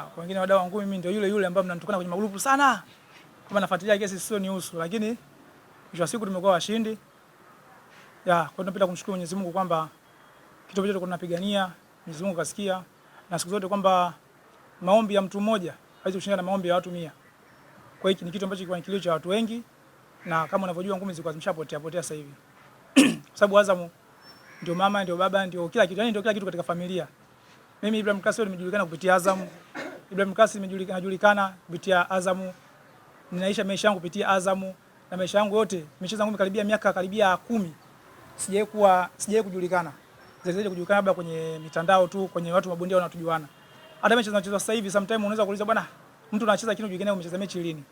kwa wengine wadau wangu mimi ndio yule yule ambaye mnanitukana kwenye magrupu sana, kama nafuatilia kesi sio ni nihusu, lakini mwisho wa siku tumekuwa washindi. Ya, kwa hiyo tunapenda kumshukuru Mwenyezi Mungu kwamba kitu ambacho tunapigania Mwenyezi Mungu kasikia, na siku zote kwamba maombi ya mtu mmoja hawezi kushinda na maombi ya watu 100. Kwa hiyo ni kitu ambacho kilikuwa kilio cha watu wengi, na kama unavyojua ngumi zilikuwa zimeshapotea potea sasa hivi kwa sababu Azam ndio mama ndio baba ndio kila kitu, yani ndio kila kitu katika familia. Mimi Ibrahim Kasoro nimejulikana kupitia Azam. Ibrahim Kasim anajulikana kupitia Azamu. Ninaisha maisha yangu kupitia Azamu na maisha yangu yote, nimecheza ngumi imekaribia miaka karibia kumi, sijawahi kuwa sijawahi kujulikana zaidi kujulikana labda kwenye mitandao tu, kwenye watu mabondia wanatujuana. Hata mechi zinachezwa sasa hivi sometimes unaweza kuuliza bwana, mtu anacheza kinu jingine, umecheza mechi lini?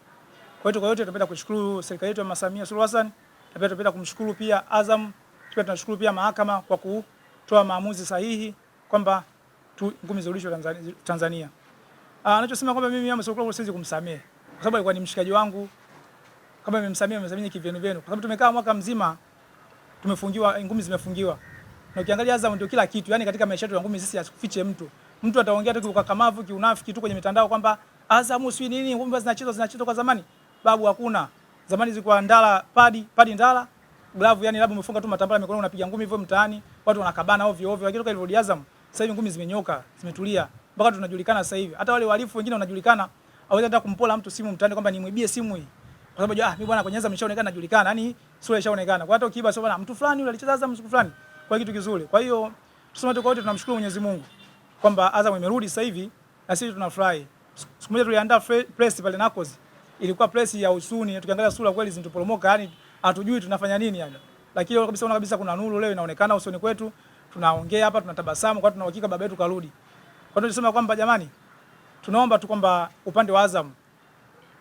Kwa hiyo kwa yote tunapenda kushukuru serikali yetu ya Mama Samia Suluhu Hassan, na pia tunapenda kumshukuru pia Azam, pia tunashukuru pia mahakama kwa kutoa maamuzi sahihi kwamba ngumi zirudishwe Tanzania. Ah, anachosema kwamba mimi Amos Okwara siwezi kumsamehe kwa sababu alikuwa ni mshikaji wangu. Kama nimemsamehe nimesamehe kivyenu vyenu, kwa sababu tumekaa mwaka mzima tumefungiwa, ngumi zimefungiwa. Na ukiangalia Azam ndio kila kitu, yani katika maisha yetu ya ngumi sisi asifiche mtu. Mtu ataongea tu kwa kamavu kiunafiki tu kwenye mitandao kwamba Azam si nini, ngumi zinachezwa zinachezwa kwa zamani. Babu hakuna. Zamani zilikuwa ndala padi, padi ndala, glavu yani labda umefunga tu matambala mikono unapiga ngumi hivyo mtaani, watu wanakabana ovyo ovyo. Lakini kwa ilivyorudi Azam, sasa hivi ngumi zimenyoka, zimetulia mpaka tunajulikana sasa hivi. Hata wale wahalifu wengine wanajulikana, hawezi hata kumpola mtu simu mtaani kwamba nimwibie simu hii, kwa sababu ah, mimi bwana kwenye Azam nishaonekana, najulikana, yani sura ishaonekana. Kwa hata ukiiba sio bwana, mtu fulani yule alicheza Azam siku fulani kwa kitu kizuri. Kwa hiyo tuseme tu kwa wote tunamshukuru Mwenyezi Mungu kwamba Azam imerudi sasa hivi na sisi tunafurahi. Siku moja tuliandaa press pale Nakozi, ilikuwa press ya usuni, tukiangalia sura kweli zinatuporomoka, yani hatujui tunafanya nini yani. Lakini kabisa, una kabisa kuna nuru leo inaonekana usoni kwetu, tunaongea hapa, tunatabasamu kwa tuna uhakika baba yetu karudi. Kwa hiyo tunasema kwamba jamani, tunaomba tu kwamba upande wa Azam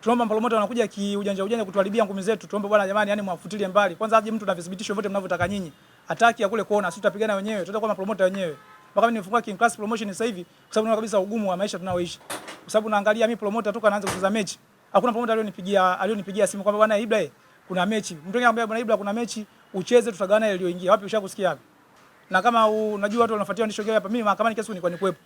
tunaomba promoter wanakuja kiujanja ujanja kutuharibia ngumi zetu, tuombe bwana jamani, yani mwafutilie mbali kwanza, aje mtu na vidhibitisho vyote mnavyotaka nyinyi. Hataki ya kule kuona, sisi tutapigana wenyewe, tutakuwa na promoter wenyewe. Mpaka mimi nimefungua King Class Promotion sasa hivi, kwa sababu naona kabisa ugumu wa maisha tunaoishi, kwa sababu naangalia mimi promoter toka naanza kucheza mechi, hakuna promoter alionipigia alionipigia simu kwamba bwana Ibra, kuna mechi. Mtu anambia bwana Ibra, kuna mechi ucheze, tutagana ile iliyoingia. Wapi ushakusikia hapo? Na kama unajua watu wanafuatia nilichoongea hapa, mimi mahakamani kesi ni kwa nikuepo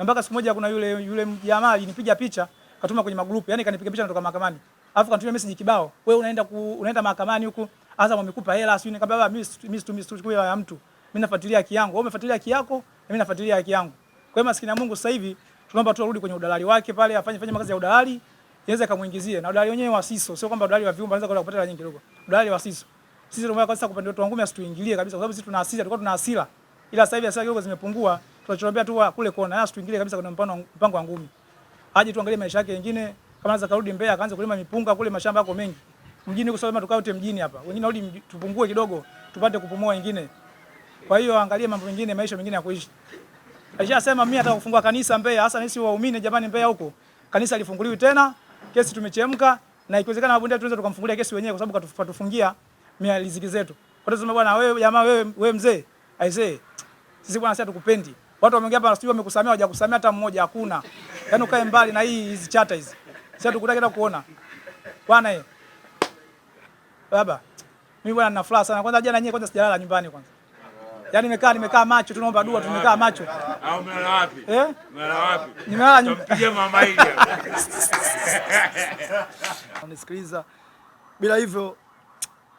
na mpaka siku moja kuna yule yule jamaa alinipiga picha katuma kwenye magrupu, yani kanipiga picha natoka mahakamani, afu kanitumia message kibao, wewe unaenda ku, unaenda mahakamani huku Azam wamekupa hela sio? Nikamwambia baba, mimi mimi situmii situmii ya mtu, mimi nafuatilia haki yangu, wewe umefuatilia haki yako na mimi nafuatilia haki yangu. Kwa hiyo maskini ya Mungu sasa hivi tunaomba tu arudi kwenye udalali wake pale, afanye fanye makazi ya udalali iweze kamuingizie, na udalali wenyewe wa siso, sio kwamba udalali wa viumbe anaweza kwenda kupata hela nyingi kidogo, udalali wa siso. Sisi tunaomba kwa sasa, kwa upande wetu wa ngumi asituingilie kabisa, kwa sababu sisi tuna hasira, tulikuwa tuna hasira, ila sasa hivi hasira kidogo zimepungua tunachoambia tu kule kona yasi, tuingilie kabisa kwenye mpango mpango wa ngumi, aje tuangalie maisha yake mengine. Kama anaweza karudi Mbeya akaanza kulima mipunga kule, mashamba yako mengi mjini, kusema tukae wote mjini hapa, wengine rudi, tupungue kidogo, tupate kupumua wengine. Kwa hiyo angalie mambo mengine, maisha mengine ya kuishi. Alishasema mimi nataka kufungua kanisa Mbeya, hasa nisi waumini jamani, Mbeya huko kanisa lifunguliwe tena, kesi tumechemka, na ikiwezekana mabondia tunaweza tukamfungulia kesi wenyewe, kwa sababu katufungia mia riziki zetu. Kwa hiyo bwana, wewe jamaa, wewe wewe mzee aisee, sisi bwana, sasa tukupendi Watu wameongea hapa studio wamekusamea, hawajakusamea hata mmoja, hakuna. Yaani ukae mbali na hii hizi chata hizi. Sisi hatukutaka kuona. Bwana yeye. Eh. Baba. Mimi bwana nina furaha sana. Kwanza jana nyewe kwanza sijalala nyumbani kwanza. Yaani nimekaa nimekaa macho, tunaomba dua, tumekaa macho. Au umelala wapi? Eh? Umelala wapi? Nimelala nyumbani. mama hili. Unisikiliza. Bila hivyo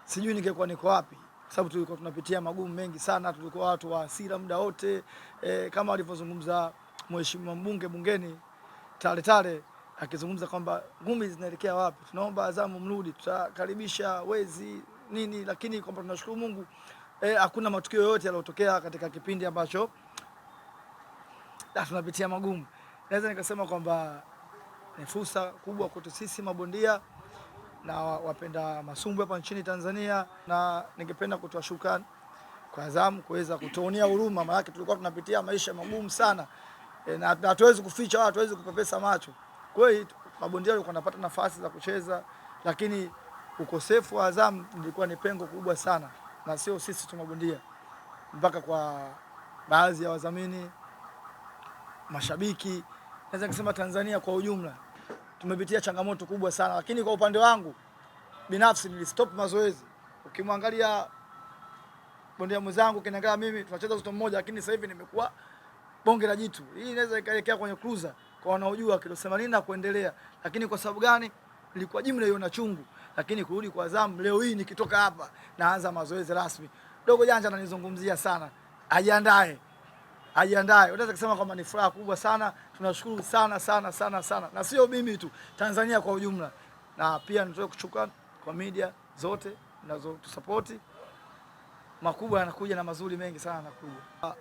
sijui ningekuwa niko wapi sababu tulikuwa tunapitia magumu mengi sana, tulikuwa watu wa hasira muda wote e, kama alivyozungumza mheshimiwa mbunge bungeni Tale Tale akizungumza kwamba ngumi zinaelekea wapi, tunaomba Azamu mrudi, tutakaribisha wezi nini, lakini kwamba tunashukuru Mungu e, hakuna e, matukio yoyote yaliyotokea katika kipindi ambacho tunapitia magumu. Naweza nikasema kwamba ni fursa kubwa kwetu sisi mabondia na wapenda masumbwi hapa nchini Tanzania, na ningependa kutoa shukrani kwa Azam kuweza kutuonea huruma, maana tulikuwa tunapitia maisha magumu sana e, na hatuwezi kuficha wala hatuwezi kupepesa macho. Kwa hiyo mabondia walikuwa wanapata nafasi za kucheza, lakini ukosefu wa Azam ilikuwa ni pengo kubwa sana, na sio sisi tu mabondia, mpaka kwa baadhi ya wadhamini, mashabiki, naweza kusema Tanzania kwa ujumla tumepitia changamoto kubwa sana, lakini kwa upande wangu binafsi nilistop mazoezi. Ukimwangalia bondia mwenzangu, ukiniangalia mimi, tunacheza uzito mmoja, lakini sasa hivi nimekuwa bonge la jitu. Hii inaweza ikaelekea kwenye cruiser kwa wanaojua kilo 80 na kuendelea, lakini kwa sababu gani? Nilikuwa jimu na chungu, lakini kurudi kwa zamu leo hii, nikitoka hapa naanza mazoezi rasmi. Dogo Janja ananizungumzia sana, ajiandae ajiandae. Unaweza kusema kwamba ni furaha kubwa sana, tunashukuru sana sana sana sana, na sio mimi tu, Tanzania kwa ujumla, na pia nitoe kuchukua kwa media zote nazotusapoti. Makubwa yanakuja na mazuri mengi sana yanakuja, ah,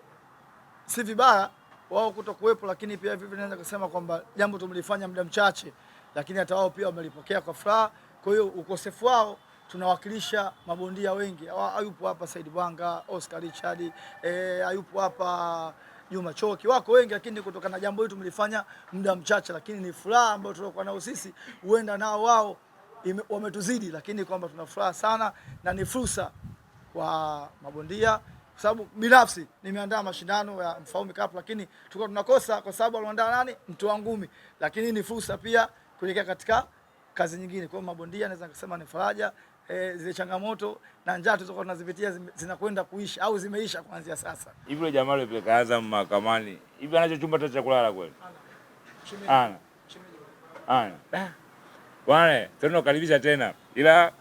si vibaya wao kuto kuwepo, lakini pia vipi, naweza kusema kwamba jambo tumelifanya muda mchache, lakini hata wao pia wamelipokea kwa furaha. Kwa hiyo ukosefu wao tunawakilisha mabondia wengi. Hayupo hapa Said Bwanga, Oscar Richard, eh, hayupo hapa Juma Choki, wako wengi, lakini kutokana na jambo hili tumelifanya muda mchache, lakini ni furaha ambayo tulikuwa nao sisi, huenda nao wao wametuzidi, lakini kwamba tuna furaha sana na ni fursa kwa mabondia kwa sababu binafsi nimeandaa mashindano ya Mfaume Cup, lakini tulikuwa tunakosa kwa sababu aliandaa nani mtu wa ngumi, lakini ni fursa pia kuelekea katika kazi nyingine. Kwa hiyo mabondia, naweza kusema ni faraja e, zile changamoto na njaa tulizokuwa tunazipitia zinakwenda kuisha au zimeisha kuanzia sasa hivi. Yule jamaa alipeleka kaanza mahakamani hivi, anacho chumba cha kulala kweli? Ana ana eh. bwana, tunakaribisha tena, ila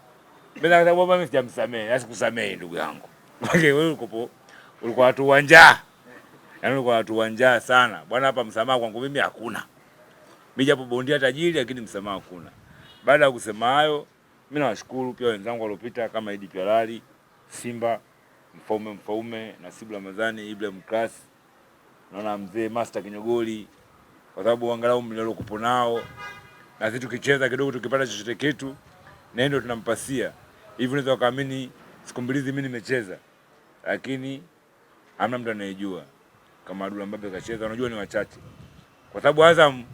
mimi nataka mimi sijamsamehe, asikusamehe ndugu yangu. Wewe uko po, ulikuwa watu wa njaa, yaani ulikuwa watu wa njaa sana bwana. Hapa msamaha kwangu mimi hakuna, mimi japo bondia tajiri, lakini msamaha hakuna. Baada ya kusema hayo mimi nawashukuru pia wenzangu waliopita kama Idi Pialali, Simba Mfaume, Mfaume Nasibu Ramadhani, Ibrahim Class, naona mzee Master Kinyogoli, kwa sababu angalau mlelo kupo nao na sisi tukicheza kidogo tukipata chochote kitu na ndio tunampasia hivi. Unaweza ukaamini siku mbili mimi nimecheza, lakini hamna mtu anayejua kama Abdul Mbabe kacheza. Unajua ni wachache, kwa sababu Azam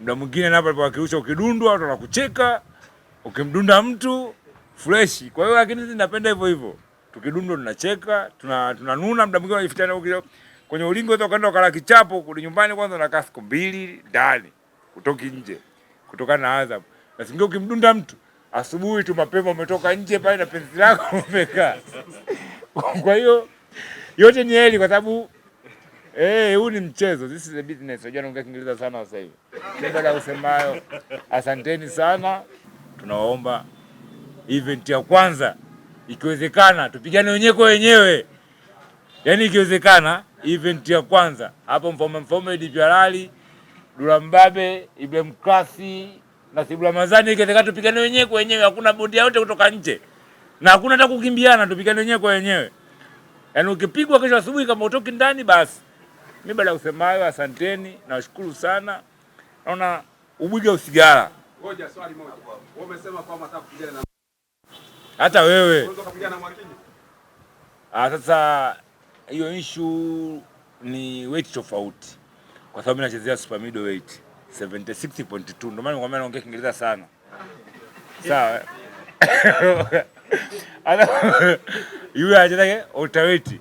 muda mwingine napo alipowakilisha ukidundwa watu wanakucheka ukimdunda mtu fresh. Kwa hiyo lakini sisi napenda hivyo hivyo, tukidundwa tunacheka, tuna tunanuna, muda mwingine unajifuta kwenye ulingo hizo, ukaenda ukala kichapo kule nyumbani kwanza, na siku mbili ndani kutoki nje kutokana na adhabu. Na singio ukimdunda mtu asubuhi tu mapema umetoka nje pale na penzi lako umekaa. Kwa hiyo yote ni heli kwa sababu eh, hey, huu ni mchezo. This is a business. Unajua naongea Kiingereza sana sasa hivi. Ndio usemayo. Asanteni sana tunawaomba event ya kwanza ikiwezekana tupigane wenyewe kwa wenyewe, yaani ikiwezekana event ya kwanza hapo Mfaume Mfaume Divyalali Dula Mbabe Ibrahim Klasi na Sibu Ramazani, ikiwezekana tupigane wenyewe kwa wenyewe, hakuna bodi yote kutoka nje na hakuna hata kukimbiana, tupigane wenyewe kwa wenyewe. Yaani ukipigwa kesho asubuhi kama utoki ndani basi. Mimi baada ya kusema hayo, asanteni, nawashukuru sana. Naona ubuja usigara Ngoja swali moja. Wewe umesema kwamba unataka kupigana na hata wewe. Unaweza kupigana na Mwakinyo? Ah, sasa hiyo issue ni weight tofauti. Kwa sababu mimi nachezea super middleweight 76.2. Ndio maana nikwambia naongea Kiingereza sana. Sawa. Ana yule anataka utaweti.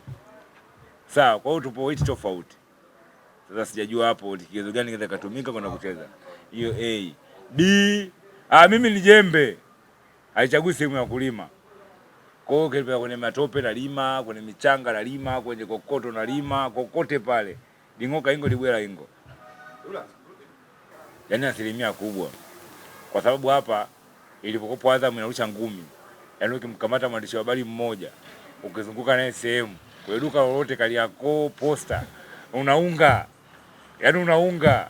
Sawa, kwa hiyo tupo weight tofauti. Sasa sijajua hapo kigezo gani kinaweza kutumika kwenda kucheza hiyo a Hey. D. Ah, mimi ni jembe, haichagui sehemu ya kulima. Kwa hiyo kilipea kwenye matope na lima, kwenye michanga na lima, kwenye kokoto na lima, kokote pale lingoka ingo libwela ingo, yaani asilimia kubwa, kwa sababu hapa ilipokopo adhamu inarusha ngumi, yaani ukimkamata mwandishi wa habari mmoja ukizunguka naye sehemu kwa duka lolote, Kariakoo, Posta, unaunga yaani unaunga,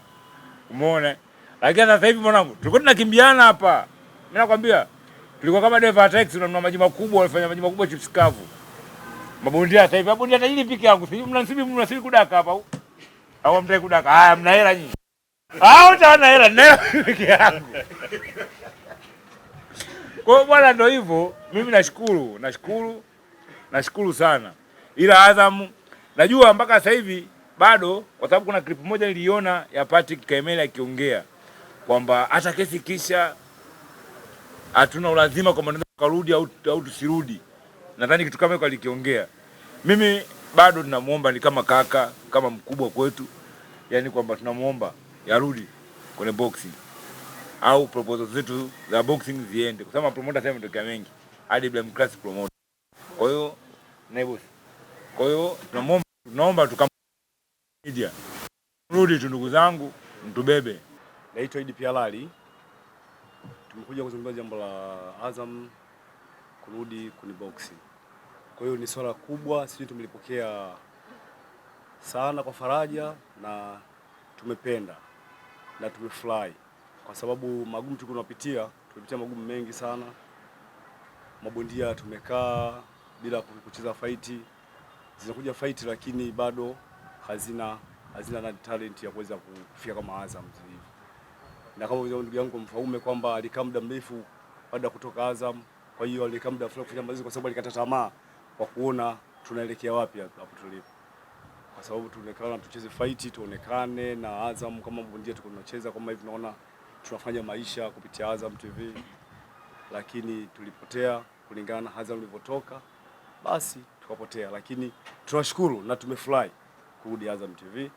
umeona lakini sasa hivi mwanangu, tulikuwa tunakimbiana hapa. Mimi nakwambia tulikuwa kama Deva Taxi unanunua maji makubwa, unafanya maji makubwa chips kavu. Mabondia sasa hivi, mabondia tajiri piki yangu. Sijui mnasibi mnasibi kudaka hapa au? mtaki kudaka? Haya, mna hela nyinyi. Ah, utaona hela nayo piki yangu. Kwa hiyo bwana ndio hivyo, mimi nashukuru, nashukuru. Nashukuru sana. Ila Azam najua mpaka sasa hivi bado kwa sababu kuna clip moja niliona ya Patrick Kemela akiongea kwamba hata kesi kisha hatuna ulazima kwamba naweza tukarudi au, au tusirudi. Nadhani kitu kama hicho alikiongea. Mimi bado tunamwomba ni kama kaka kama mkubwa kwetu, yani kwamba tunamwomba yarudi kwenye boxing au proposal zetu za boxing ziende, kwa sababu promoter sasa imetokea mengi hadi Ibrahim Class promoter. Kwa hiyo naibu, kwa hiyo tunamwomba tunaomba tukam media rudi tu, ndugu zangu, mtubebe. Naitwa Idi Pialali, tumekuja kuzungumza jambo la Azam kurudi kuni boxing. Kwa hiyo ni swala kubwa, sisi tumelipokea sana kwa faraja na tumependa na tumefurahi, kwa sababu magumu tulikuwa tunapitia, tumepitia magumu mengi sana. Mabondia tumekaa bila kucheza faiti, zinakuja faiti lakini bado hazina hazina na talent ya kuweza kufika kama Azam zilivyo na kama ndugu yangu Mfaume kwamba alikaa muda mrefu baada ya kutoka Azam, kwa hiyo alikaa muda mrefu kufanya mazoezi, kwa sababu alikata tamaa kwa kuona tunaelekea wapi hapo tulipo, kwa sababu tuonekana tucheze fight, tuonekane na Azam kama mbondia tuko tunacheza kama hivi, naona tunafanya maisha kupitia Azam TV, lakini tulipotea kulingana na Azam ilivyotoka, basi tukapotea, lakini tunashukuru na tumefurahi kurudi Azam TV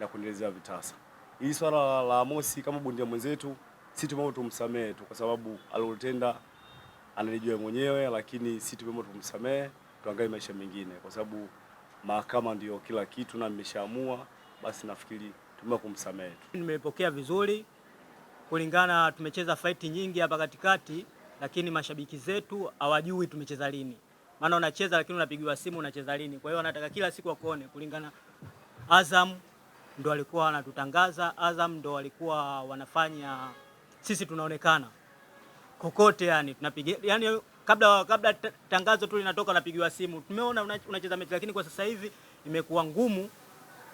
na kuendelezea vitasa hii swala la Amosi kama bondia mwenzetu, si tumeona tumsamehe tu, kwa sababu alilotenda analijua mwenyewe, lakini si tumeona tumsamehe, tuangalie maisha mengine, kwa sababu mahakama ndio kila kitu na mmeshaamua, basi nafikiri tumeona kumsamehe tu. Nimepokea vizuri kulingana, tumecheza faiti nyingi hapa katikati, lakini mashabiki zetu hawajui tumecheza lini, maana unacheza lakini unapigiwa simu unacheza lini. Kwa hiyo wanataka kila siku wakuone kulingana Azam ndo walikuwa wanatutangaza, Azam ndo walikuwa wanafanya sisi tunaonekana kokote, yani tunapiga yani, kabla kabla tangazo tu linatoka napigiwa simu, tumeona unacheza mechi, lakini kwa sasa hivi imekuwa ngumu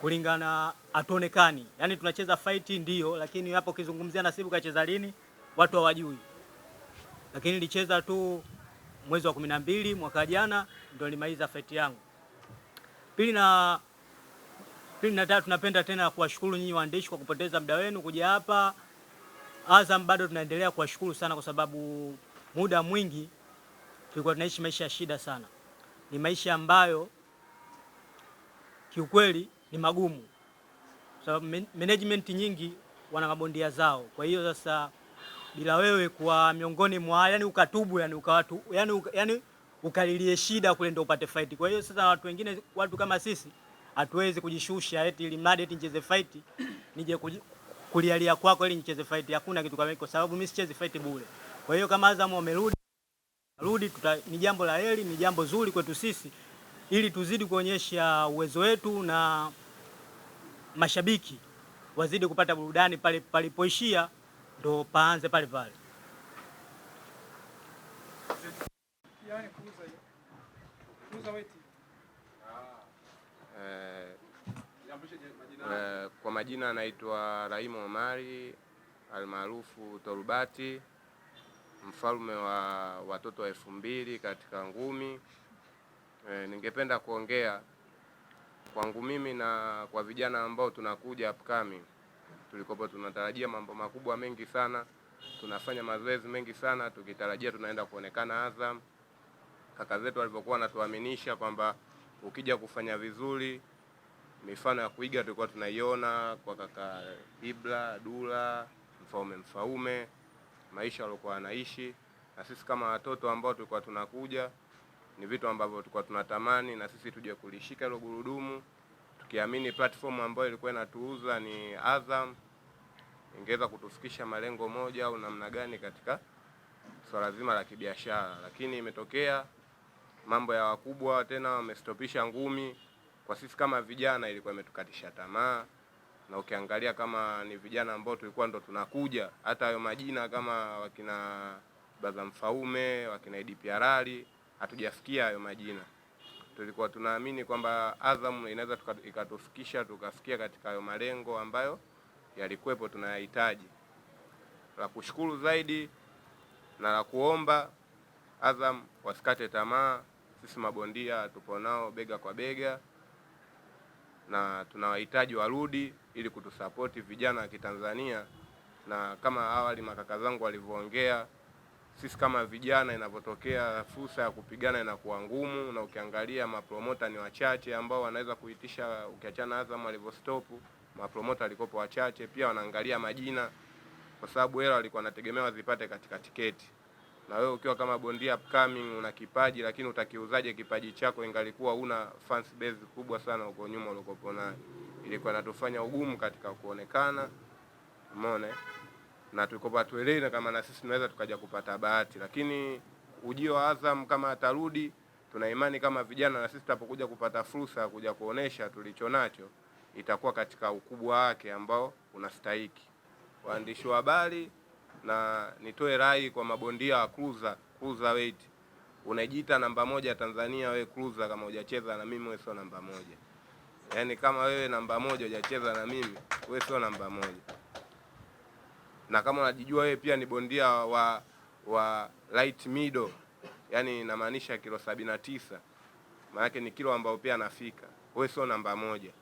kulingana, hatuonekani yani, tunacheza fight ndio, lakini hapo na sibu kacheza lini watu hawajui, lakini nilicheza tu mwezi wa kumi na mbili mwaka jana ndo nilimaliza fight yangu pili na Pili na tatu, tunapenda tena kuwashukuru nyinyi waandishi kwa kupoteza muda wenu kuja hapa. Azam bado tunaendelea kuwashukuru sana, kwa sababu muda mwingi tulikuwa tunaishi maisha ya shida sana, ni maisha ambayo kiukweli ni magumu, kwa sababu management nyingi wana mabondia zao. Kwa hiyo sasa, bila wewe kuwa miongoni mwa yani, ukatubu yani, ukawatu yani, yani ukalilie shida kule ndio upate fight. Kwa hiyo sasa, watu wengine, watu kama sisi hatuwezi kujishusha eti ili mradi eti nicheze fight nije kulialia kwako ili nicheze fight. Hakuna kitu kama hiko, sababu mimi sichezi fight bure. Kwa hiyo kama Azam wamerudi rudi, ni jambo la heri, ni jambo zuri kwetu sisi, ili tuzidi kuonyesha uwezo wetu na mashabiki wazidi kupata burudani pale palipoishia, ndo paanze pale pale. Yani kuuza kuuza weti Eh, eh, kwa majina anaitwa Raimu Omari almaarufu Torubati, mfalme wa watoto wa elfu mbili katika ngumi. Eh, ningependa kuongea kwangu mimi na kwa vijana ambao tunakuja upcoming, tulikopo tunatarajia mambo makubwa mengi sana, tunafanya mazoezi mengi sana tukitarajia tunaenda kuonekana Azam. Kaka zetu walivyokuwa wanatuaminisha kwamba ukija kufanya vizuri, mifano ya kuiga tulikuwa tunaiona kwa kaka Ibra, Dula, Mfaume Mfaume, maisha waliokuwa wanaishi, na sisi kama watoto ambao tulikuwa tunakuja, ni vitu ambavyo tulikuwa tunatamani na sisi tuje kulishika hilo gurudumu, tukiamini platform ambayo ilikuwa inatuuza ni Azam ingeweza kutufikisha malengo moja au namna gani katika swala so zima la kibiashara, lakini imetokea mambo ya wakubwa tena wamestopisha ngumi. Kwa sisi kama vijana ilikuwa imetukatisha tamaa, na ukiangalia kama ni vijana ambao tulikuwa ndo tunakuja, hata hayo majina kama wakina Baza Mfaume, wakina Idi Piarali, hatujasikia hayo majina. Tulikuwa tunaamini kwamba Azam inaweza ikatufikisha tukafikia katika hayo malengo ambayo yalikuwepo tunayahitaji. La kushukuru zaidi na la kuomba Azam wasikate tamaa, sisi mabondia tupo nao bega kwa bega na tunawahitaji warudi ili kutusapoti vijana wa Kitanzania, na kama awali makaka zangu walivyoongea, sisi kama vijana, inavyotokea fursa ya kupigana inakuwa ngumu, na ukiangalia mapromota ni wachache ambao wanaweza kuitisha, ukiachana Azam alivyostopu mapromota walikopo wachache, pia wanaangalia majina, kwa sababu hela walikuwa wanategemea wazipate katika tiketi na wewe ukiwa kama bondia upcoming una kipaji lakini utakiuzaje kipaji chako, ingalikuwa una fans base kubwa sana huko nyuma ulikopo nayo, ilikuwa inatufanya ugumu katika kuonekana, umeona na tulikopa tuelewe kama na sisi tunaweza tukaja kupata bahati, lakini ujio wa Azam kama atarudi, tuna imani kama vijana na sisi tutapokuja kupata fursa ya kuja kuonesha tulicho nacho itakuwa katika ukubwa wake ambao unastahiki. Waandishi wa habari na nitoe rai kwa mabondia wa cruiser weight. unajiita namba moja Tanzania wewe cruiser, kama hujacheza na mimi wewe sio namba moja. Yaani kama wewe namba moja hujacheza na mimi wewe sio namba moja, na kama unajijua wewe pia ni bondia wa wa light middle, yaani inamaanisha kilo sabini na tisa maanake ni kilo ambayo pia anafika, wewe sio namba moja.